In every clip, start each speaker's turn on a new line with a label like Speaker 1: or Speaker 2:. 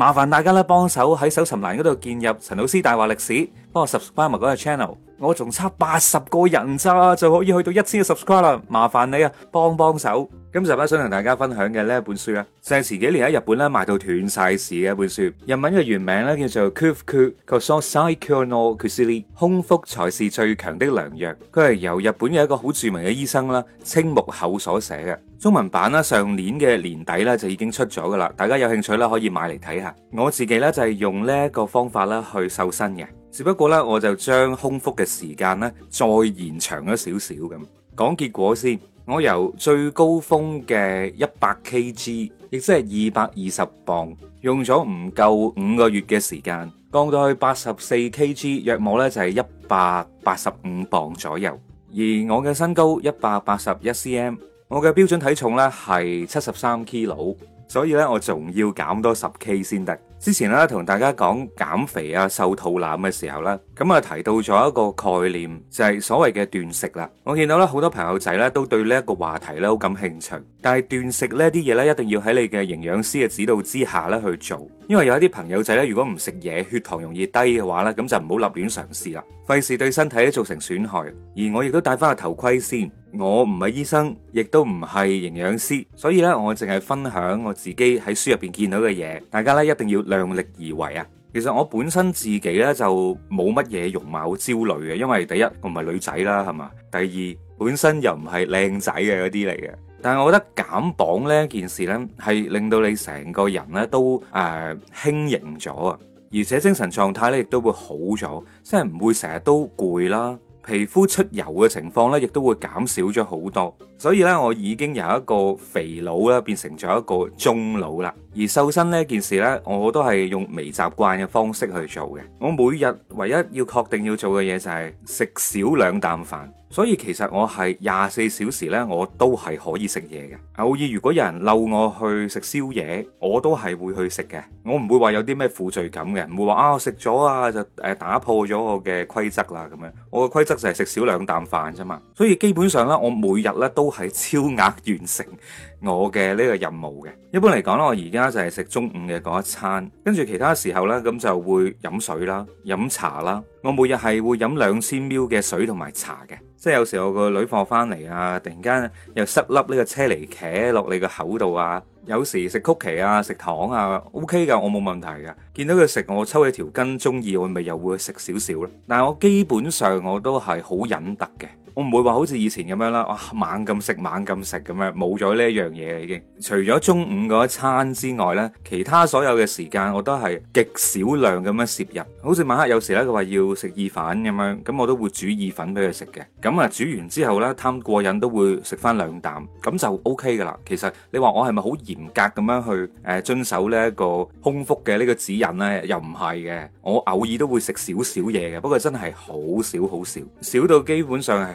Speaker 1: 麻煩大家咧幫手喺搜尋欄嗰度建入陳老 C 大話歷史，幫我 subscribe 埋嗰個 channel。我仲差八十個人咋，就可以去到一千個 subscribe 啦。麻煩你啊，幫幫手。今集咧想同大家分享嘅呢一本書咧，就係前幾年喺日本咧賣到斷晒市嘅一本書。日文嘅原名咧叫做 c u u k o s o u s u 空腹才是最強的良藥。佢係由日本嘅一個好著名嘅醫生啦，青木厚所寫嘅。中文版啦，上年嘅年底啦就已經出咗噶啦。大家有興趣啦，可以買嚟睇下。我自己咧就係用呢一個方法啦去瘦身嘅，只不過咧我就將空腹嘅時間咧再延長咗少少咁。講結果先。我由最高峰嘅一百 kg，亦即係二百二十磅，用咗唔夠五個月嘅時間，降到去八十四 kg，約莫呢就係一百八十五磅左右。而我嘅身高一百八十一 cm，我嘅標準體重呢係七十三 kilo，所以呢，我仲要減多十 k 先得。之前啦，同大家講減肥啊、瘦肚腩嘅時候啦，咁啊提到咗一個概念，就係所謂嘅斷食啦。我見到咧好多朋友仔咧都對呢一個話題咧好感興趣，但係斷食呢啲嘢咧一定要喺你嘅營養師嘅指導之下咧去做，因為有一啲朋友仔咧如果唔食嘢，血糖容易低嘅話咧，咁就唔好立亂嘗試啦，費事對身體造成損害。而我亦都戴翻個頭盔先。我唔係醫生，亦都唔係營養師，所以咧，我淨係分享我自己喺書入邊見到嘅嘢。大家咧一定要量力而為啊！其實我本身自己咧就冇乜嘢容貌焦慮嘅，因為第一我唔係女仔啦，係嘛？第二本身又唔係靚仔嘅嗰啲嚟嘅。但係我覺得減磅呢件事呢，係令到你成個人呢都誒輕盈咗啊，而且精神狀態咧亦都會好咗，即係唔會成日都攰啦。皮膚出油嘅情況咧，亦都會減少咗好多，所以咧，我已經由一個肥佬咧，變成咗一個中佬啦。而瘦身呢件事呢，我都係用微習慣嘅方式去做嘅。我每日唯一要確定要做嘅嘢就係食少兩啖飯，所以其實我係廿四小時呢，我都係可以食嘢嘅。偶爾如果有人遛我去食宵夜，我都係會去食嘅。我唔會話有啲咩負罪感嘅，唔會話啊我食咗啊就誒打破咗我嘅規則啦咁樣。我嘅規則就係食少兩啖飯啫嘛，所以基本上呢，我每日呢都係超額完成。 我嘅呢個任務嘅，一般嚟講啦，我而家就係食中午嘅嗰一餐，跟住其他時候呢，咁就會飲水啦、飲茶啦。我每日係會飲兩千 ml 嘅水同埋茶嘅，即係有時我個女放學翻嚟啊，突然間又塞粒呢個車厘茄落你個口度啊，有時食曲奇啊、食糖啊，OK 噶，我冇問題噶。見到佢食，我抽起條筋中意，我咪又會食少少咯。但係我基本上我都係好忍得嘅。我唔會話好似以前咁樣啦，哇猛咁食猛咁食咁樣，冇咗呢一樣嘢已經。除咗中午嗰一餐之外呢，其他所有嘅時間我都係極少量咁樣攝入。好似晚黑有時呢，佢話要食意粉咁樣，咁我都會煮意粉俾佢食嘅。咁啊煮完之後呢，貪過癮都會食翻兩啖，咁就 OK 噶啦。其實你話我係咪好嚴格咁樣去誒、呃、遵守呢一個空腹嘅呢個指引呢？又唔係嘅，我偶爾都會食少少嘢嘅，不過真係好少好少，少到基本上係。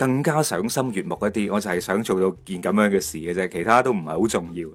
Speaker 1: 更加賞心悅目一啲，我就係想做到件咁樣嘅事嘅啫，其他都唔係好重要。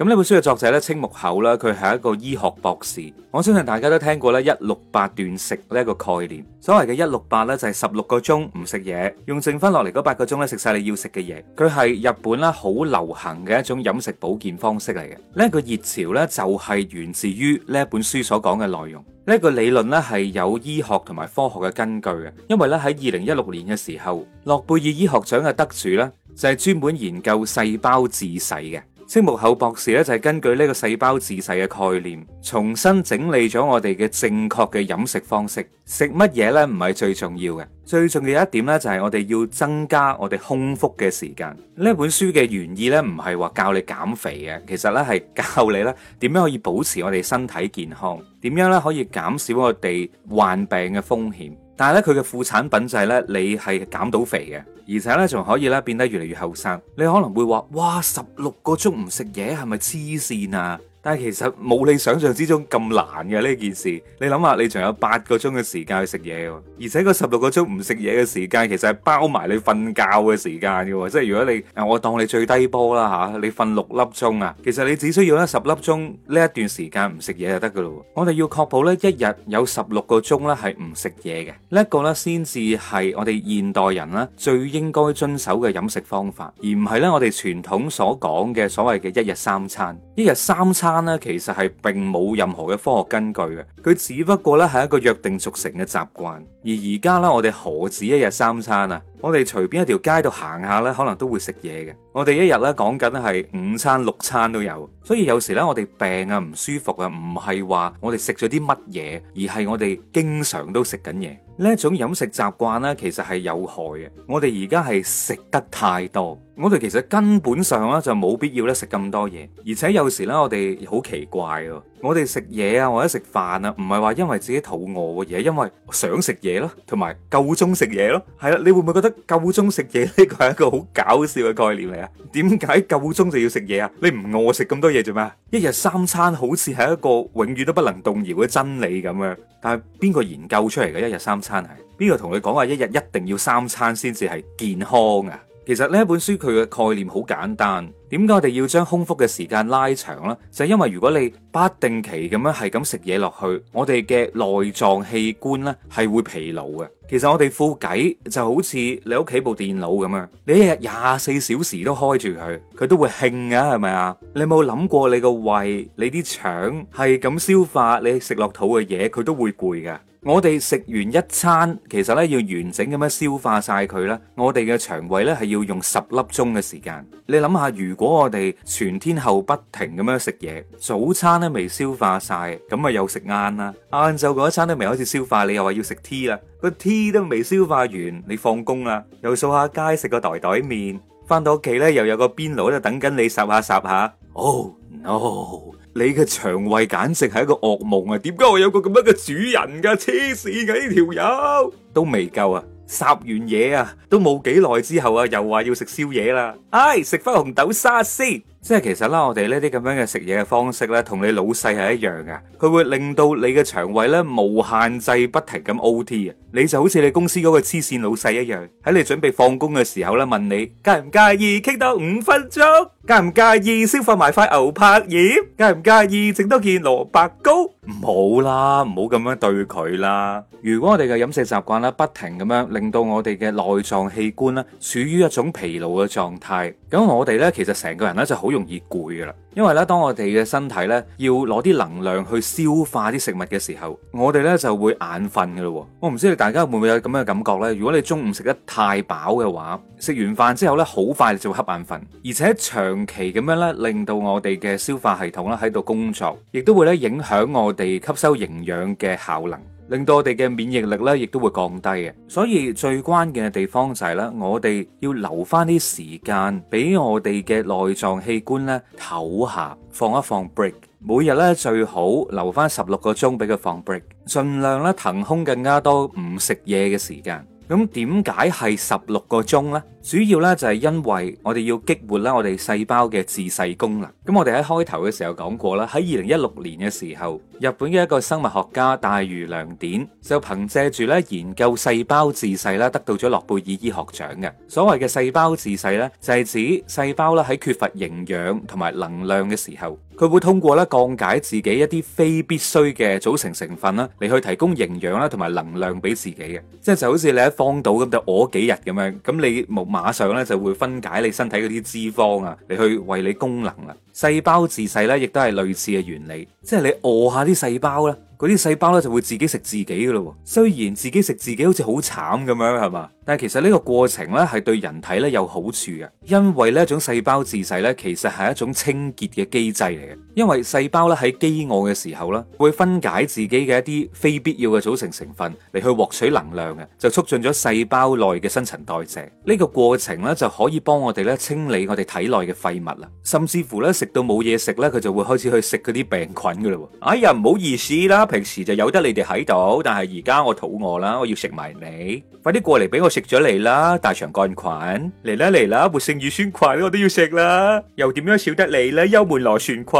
Speaker 1: 咁呢本書嘅作者咧，青木厚啦，佢係一個醫學博士。我相信大家都聽過咧，一六八斷食呢一個概念。所謂嘅一六八咧，就係十六個鐘唔食嘢，用剩翻落嚟嗰八個鐘咧，食晒你要食嘅嘢。佢係日本啦好流行嘅一種飲食保健方式嚟嘅。呢一個熱潮咧，就係源自於呢一本書所講嘅內容。呢一個理論咧係有醫學同埋科學嘅根據嘅，因為咧喺二零一六年嘅時候，諾貝爾醫學獎嘅得主咧就係專門研究細胞自噬嘅。即係青木厚博士咧，就係根據呢個細胞自噬嘅概念，重新整理咗我哋嘅正確嘅飲食方式。食乜嘢咧，唔係最重要嘅，最重要一點咧，就係我哋要增加我哋空腹嘅時間。呢本書嘅原意咧，唔係話教你減肥嘅，其實咧係教你咧點樣可以保持我哋身體健康，點樣咧可以減少我哋患病嘅風險。但係咧，佢嘅副產品就係咧，你係減到肥嘅，而且咧仲可以咧變得越嚟越後生。你可能會話：哇，十六個鐘唔食嘢，係咪黐線啊？但係其實冇你想象之中咁難嘅呢件事，你諗下，你仲有八個鐘嘅時間去食嘢嘅，而且個十六個鐘唔食嘢嘅時間，其實係包埋你瞓覺嘅時間嘅，即係如果你我當你最低波啦吓，你瞓六粒鐘啊，其實你只需要咧十粒鐘呢一段時間唔食嘢就得噶啦。我哋要確保呢一日有十六個鐘咧係唔食嘢嘅呢一個咧，先至係我哋現代人啦最應該遵守嘅飲食方法，而唔係咧我哋傳統所講嘅所謂嘅一日三餐，一日三餐。餐咧其實係並冇任何嘅科學根據嘅，佢只不過咧係一個約定俗成嘅習慣。而而家咧我哋何止一日三餐啊？我哋隨便一條街度行下咧，可能都會食嘢嘅。我哋一日咧講緊咧係五餐六餐都有，所以有時咧我哋病啊唔舒服啊，唔係話我哋食咗啲乜嘢，而係我哋經常都食緊嘢。呢一種飲食習慣咧，其實係有害嘅。我哋而家係食得太多。我哋其實根本上咧就冇必要咧食咁多嘢，而且有時咧我哋好奇怪，我哋食嘢啊或者食飯啊，唔係話因為自己肚餓嘅嘢，因為想食嘢咯，同埋夠鐘食嘢咯。係啦，你會唔會覺得夠鐘食嘢呢個係一個好搞笑嘅概念嚟啊？點解夠鐘就要食嘢啊？你唔餓食咁多嘢做咩？一日三餐好似係一個永遠都不能動搖嘅真理咁樣。但係邊個研究出嚟嘅一日三餐係？邊個同你講話一日一定要三餐先至係健康啊？其實呢本書佢嘅概念好簡單，點解我哋要將空腹嘅時間拉長呢？就係因為如果你不定期咁樣係咁食嘢落去，我哋嘅內臟器官呢係會疲勞嘅。其實我哋副偈就好似你屋企部電腦咁樣，你一日廿四小時都開住佢，佢都會興噶，係咪啊？你有冇諗過你個胃、你啲腸係咁消化你食落肚嘅嘢，佢都會攰噶。我哋食完一餐，其實呢要完整咁樣消化曬佢啦。我哋嘅腸胃呢係要用十粒鐘嘅時間。你諗下，如果我哋全天候不停咁樣食嘢，早餐都未消化曬，咁啊又食晏啦。晏晝嗰一餐都未開始消化，你又話要食 tea 啦。個 tea 都未消化完，你放工啦，又掃下街食個袋袋麵，翻到屋企呢，又有個邊爐咧等緊你霎下霎下。o、oh, no！你嘅腸胃簡直係一個噩夢啊！點解我有個咁樣嘅主人噶？癡線噶呢條友都未夠啊！撒、啊啊、完嘢啊，都冇幾耐之後啊，又話要食宵夜啦！唉、哎，食翻紅豆沙先。即係其實咧，我哋呢啲咁樣嘅食嘢嘅方式咧，同你老細係一樣嘅，佢會令到你嘅腸胃咧無限制不停咁 OT 啊！你就好似你公司嗰個黐綫老細一樣，喺你準備放工嘅時候咧，問你介唔介意傾多五分鐘？介唔介意消化埋塊牛柏葉？介唔介意整多件蘿蔔糕？唔好啦，唔好咁樣對佢啦！如果我哋嘅飲食習慣咧，不停咁樣令到我哋嘅內臟器官咧，處於一種疲勞嘅狀態，咁我哋咧其實成個人咧就好。好容易攰噶啦，因為咧，當我哋嘅身體咧要攞啲能量去消化啲食物嘅時候，我哋咧就會眼瞓噶啦。我唔知道大家會唔會有咁樣嘅感覺咧？如果你中午食得太飽嘅話，食完飯之後咧好快就會瞌眼瞓，而且長期咁樣咧令到我哋嘅消化系統咧喺度工作，亦都會咧影響我哋吸收營養嘅效能。令到我哋嘅免疫力咧，亦都會降低嘅。所以最關鍵嘅地方就係咧，我哋要留翻啲時間俾我哋嘅內臟器官咧唞下，放一放 break。每日咧最好留翻十六個鐘俾佢放 break，盡量咧騰空更加多唔食嘢嘅時間。咁點解係十六個鐘呢？主要咧就係因為我哋要激活咧我哋細胞嘅自噬功能。咁我哋喺開頭嘅時候講過啦，喺二零一六年嘅時候，日本嘅一個生物學家大隅良典就憑借住咧研究細胞自噬啦，得到咗諾貝爾醫學獎嘅。所謂嘅細胞自噬咧，就係指細胞啦喺缺乏營養同埋能量嘅時候，佢會通過咧降解自己一啲非必需嘅組成成分啦，嚟去提供營養啦同埋能量俾自己嘅。即係就好似你喺荒島咁，就餓幾日咁樣，咁你冇。馬上咧就會分解你身體嗰啲脂肪啊，你去為你功能啊。細胞自噬咧，亦都係類似嘅原理，即係你餓下啲細胞咧，嗰啲細胞咧就會自己食自己嘅咯。雖然自己食自己好似好慘咁樣，係嘛？但係其實呢個過程咧係對人體咧有好處嘅，因為呢一種細胞自噬咧其實係一種清潔嘅機制嚟嘅。因為細胞咧喺飢餓嘅時候咧，會分解自己嘅一啲非必要嘅組成成分嚟去獲取能量嘅，就促進咗細胞內嘅新陳代謝。呢個過程咧就可以幫我哋咧清理我哋體內嘅廢物啦，甚至乎咧食。都冇嘢食咧，佢就會開始去食嗰啲病菌噶啦。哎呀，唔好意思啦，平時就有得你哋喺度，但係而家我肚餓啦，我要食埋你，快啲過嚟俾我食咗你啦！大腸桿菌嚟啦嚟啦，活性乳酸菌我都要食啦，又點樣少得你呢？幽門螺旋菌，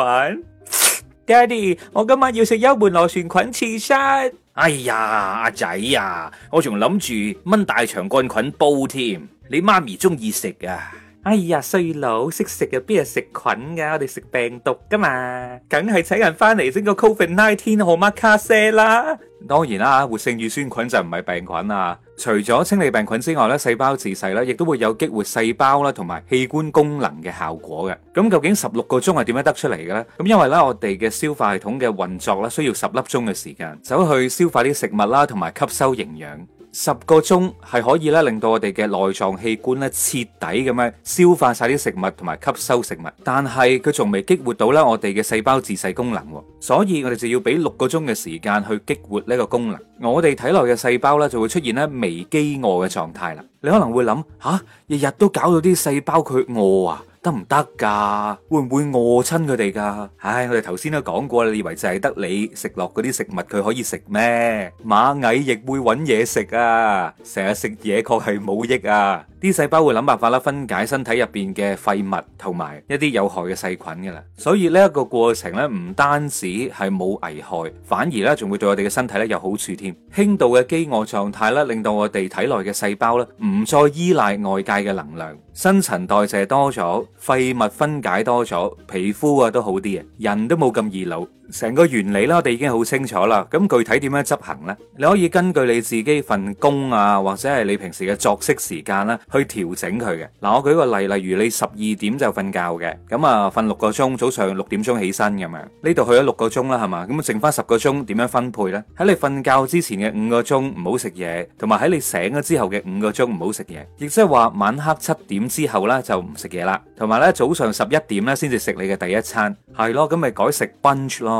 Speaker 1: 爹哋，我今晚要食幽門螺旋菌刺身。哎呀，阿仔呀，我仲諗住炆大腸桿菌煲添，你媽咪中意食噶。哎呀，衰佬，識食嘅，邊係食菌噶，我哋食病毒噶嘛，梗係請人翻嚟整個 Covid nineteen 好孖卡聲啦。當然啦，活性乳酸菌就唔係病菌啦。除咗清理病菌之外咧，細胞自噬咧，亦都會有激活細胞啦，同埋器官功能嘅效果嘅。咁究竟十六個鐘係點樣得出嚟嘅咧？咁因為咧，我哋嘅消化系統嘅運作咧，需要十粒鐘嘅時間，走去消化啲食物啦，同埋吸收營養。十個鐘係可以咧令到我哋嘅內臟器官咧徹底咁樣消化晒啲食物同埋吸收食物，但係佢仲未激活到咧我哋嘅細胞自噬功能，所以我哋就要俾六個鐘嘅時間去激活呢個功能。我哋體內嘅細胞咧就會出現咧微飢餓嘅狀態啦。你可能會諗吓，日日都搞到啲細胞佢餓啊！得唔得噶？會唔會餓親佢哋噶？唉，我哋頭先都講過你以為就係得你食落嗰啲食物，佢可以食咩？螞蟻亦會揾嘢食啊！成日食嘢確係冇益啊！啲細胞會諗辦法啦，分解身體入邊嘅廢物同埋一啲有害嘅細菌噶啦，所以呢一個過程咧，唔單止係冇危害，反而咧仲會對我哋嘅身體咧有好處添。輕度嘅飢餓狀態咧，令到我哋體內嘅細胞咧唔再依賴外界嘅能量，新陳代謝多咗，廢物分解多咗，皮膚啊都好啲啊，人都冇咁易老。成個原理啦，我哋已經好清楚啦。咁具體點樣執行呢？你可以根據你自己份工啊，或者係你平時嘅作息時間啦，去調整佢嘅。嗱，我舉個例，例如你十二點就瞓覺嘅，咁啊瞓六個鐘，早上六點鐘起身咁樣，呢度去咗六個鐘啦，係嘛？咁剩翻十個鐘點樣分配呢？喺你瞓覺之前嘅五個鐘唔好食嘢，同埋喺你醒咗之後嘅五個鐘唔好食嘢，亦即係話晚黑七點之後呢就唔食嘢啦，同埋呢早上十一點呢先至食你嘅第一餐，係咯，咁咪改食 brunch 咯。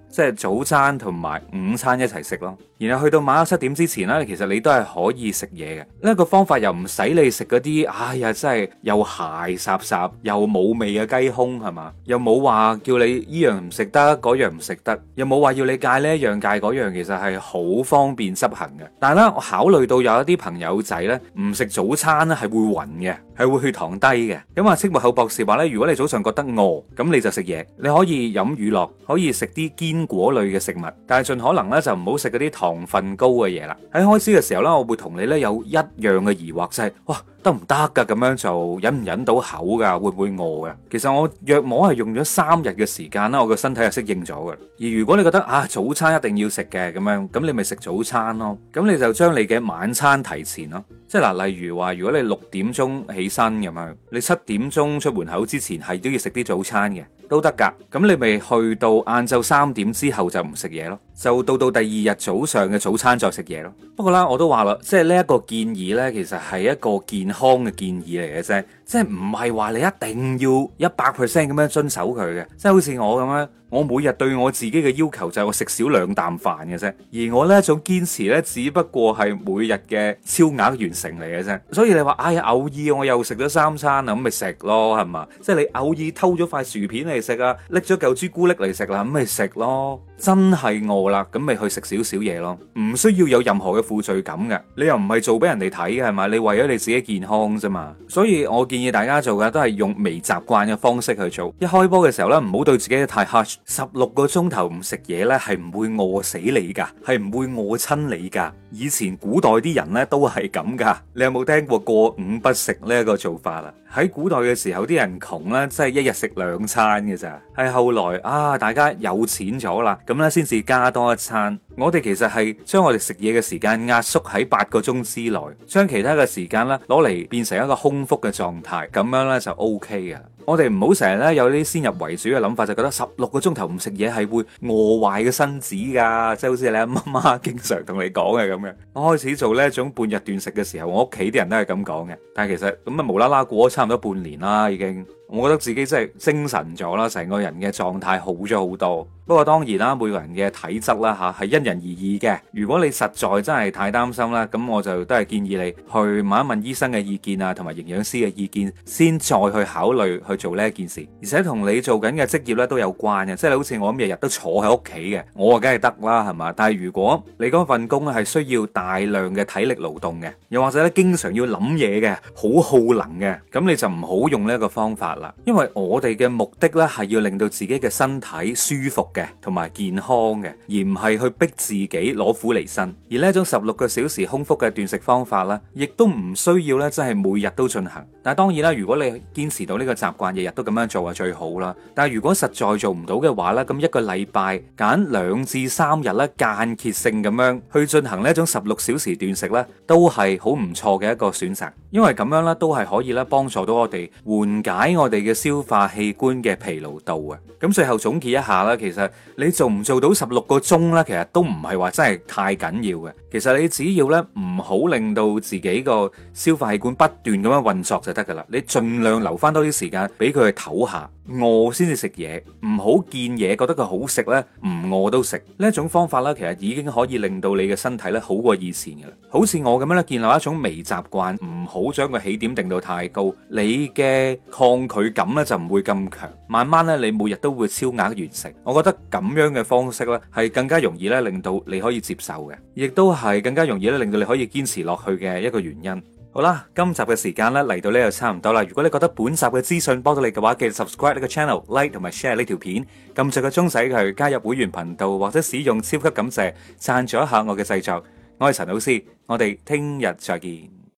Speaker 1: 即係早餐同埋午餐一齊食咯，然後去到晚黑七點之前呢，其實你都係可以食嘢嘅。呢個方法又唔使你食嗰啲，哎呀，真係又鞋霎霎又冇味嘅雞胸係嘛，又冇話叫你依樣唔食得，嗰樣唔食得，又冇話要你戒呢一樣戒嗰樣，其實係好方便執行嘅。但係咧，我考慮到有一啲朋友仔呢，唔食早餐咧係會暈嘅，係會血糖低嘅。咁啊，青木厚博士話呢，如果你早上覺得餓，咁你就食嘢，你可以飲乳酪，可以食啲堅。果類嘅食物，但係盡可能咧就唔好食嗰啲糖分高嘅嘢啦。喺開始嘅時候咧，我會同你咧有一樣嘅疑惑，就係哇，得唔得噶，咁樣做，忍唔忍到口噶，會唔會餓嘅？其實我約摸係用咗三日嘅時間啦，我個身體係適應咗噶。而如果你覺得啊早餐一定要食嘅咁樣，咁你咪食早餐咯。咁你就將你嘅晚餐提前咯。即係嗱，例如話如果你六點鐘起身咁樣，你七點鐘出門口之前係都要食啲早餐嘅。都得噶，咁你咪去到晏晝三點之後就唔食嘢咯。就到到第二日早上嘅早餐再食嘢咯。不過啦，我都話啦，即係呢一個建議呢，其實係一個健康嘅建議嚟嘅啫。即係唔係話你一定要一百 percent 咁樣遵守佢嘅。即係好似我咁樣，我每日對我自己嘅要求就係我食少兩啖飯嘅啫。而我呢一種堅持呢，只不過係每日嘅超額完成嚟嘅啫。所以你話哎呀，偶爾我又食咗三餐啊，咁咪食咯，係嘛？即係你偶爾偷咗塊薯片嚟食啊，拎咗嚿朱古力嚟食啦，咁咪食咯。真係餓啦，咁咪去食少少嘢咯，唔需要有任何嘅負罪感嘅，你又唔係做俾人哋睇嘅，係咪？你為咗你自己健康啫嘛，所以我建議大家做嘅都係用微習慣嘅方式去做，一開波嘅時候呢，唔好對自己太 hush，十六個鐘頭唔食嘢呢，係唔會餓死你噶，係唔會餓親你噶，以前古代啲人呢，都係咁噶，你有冇聽過過午不食呢一個做法啦？喺古代嘅時候，啲人窮咧，即係一日食兩餐嘅咋。係後來啊，大家有錢咗啦，咁咧先至加多一餐。我哋其實係將我哋食嘢嘅時間壓縮喺八個鐘之內，將其他嘅時間呢攞嚟變成一個空腹嘅狀態，咁樣呢就 OK 嘅。我哋唔好成日呢有啲先入為主嘅諗法，就覺得十六個鐘頭唔食嘢係會餓壞個身子㗎，即係好似你阿媽媽經常同你講嘅咁樣。我開始做呢一種半日斷食嘅時候，我屋企啲人都係咁講嘅，但係其實咁啊無啦啦過咗差唔多半年啦，已經，我覺得自己真係精神咗啦，成個人嘅狀態好咗好多。不過當然啦，每個人嘅體質啦吓，係因人而異嘅。如果你實在真係太擔心啦，咁我就都係建議你去問一問醫生嘅意見啊，同埋營養師嘅意見，先再去考慮去做呢一件事。而且同你做緊嘅職業咧都有關嘅，即係好似我咁日日都坐喺屋企嘅，我啊梗係得啦，係嘛。但係如果你嗰份工咧係需要大量嘅體力勞動嘅，又或者咧經常要諗嘢嘅，好耗能嘅，咁你就唔好用呢一個方法啦。因為我哋嘅目的咧係要令到自己嘅身體舒服嘅。同埋健康嘅，而唔係去逼自己攞苦嚟身。而呢一種十六個小時空腹嘅斷食方法咧，亦都唔需要咧，真係每日都進行。但係當然啦，如果你堅持到呢個習慣，日日都咁樣做啊，最好啦。但係如果實在做唔到嘅話咧，咁一個禮拜揀兩至三日咧間歇性咁樣去進行呢一種十六小時斷食咧，都係好唔錯嘅一個選擇。因為咁樣咧，都係可以咧幫助到我哋緩解我哋嘅消化器官嘅疲勞度嘅。咁最後總結一下啦,其實你做唔做到十六個鐘呢？其實都唔係話真係太緊要嘅。其實你只要呢，唔好令到自己個消化器官不斷咁樣運作就得噶啦。你盡量留翻多啲時間俾佢去唞下，餓先至食嘢，唔好見嘢覺得佢好食呢。唔餓都食呢一種方法呢，其實已經可以令到你嘅身體呢好過以前嘅啦。好似我咁樣咧，建立一種微習慣，唔好。唔好將個起點定到太高，你嘅抗拒感咧就唔會咁強，慢慢咧你每日都會超額完成。我覺得咁樣嘅方式咧係更加容易咧令到你可以接受嘅，亦都係更加容易咧令到你可以堅持落去嘅一個原因。好啦，今集嘅時間咧嚟到呢度差唔多啦。如果你覺得本集嘅資訊幫到你嘅話，記得 subscribe 呢個 channel、like 同埋 share 呢條片，撳著個鐘使佢加入會員頻道或者使用超級感謝，讚助一下我嘅製作。我係陳老 C，我哋聽日再見。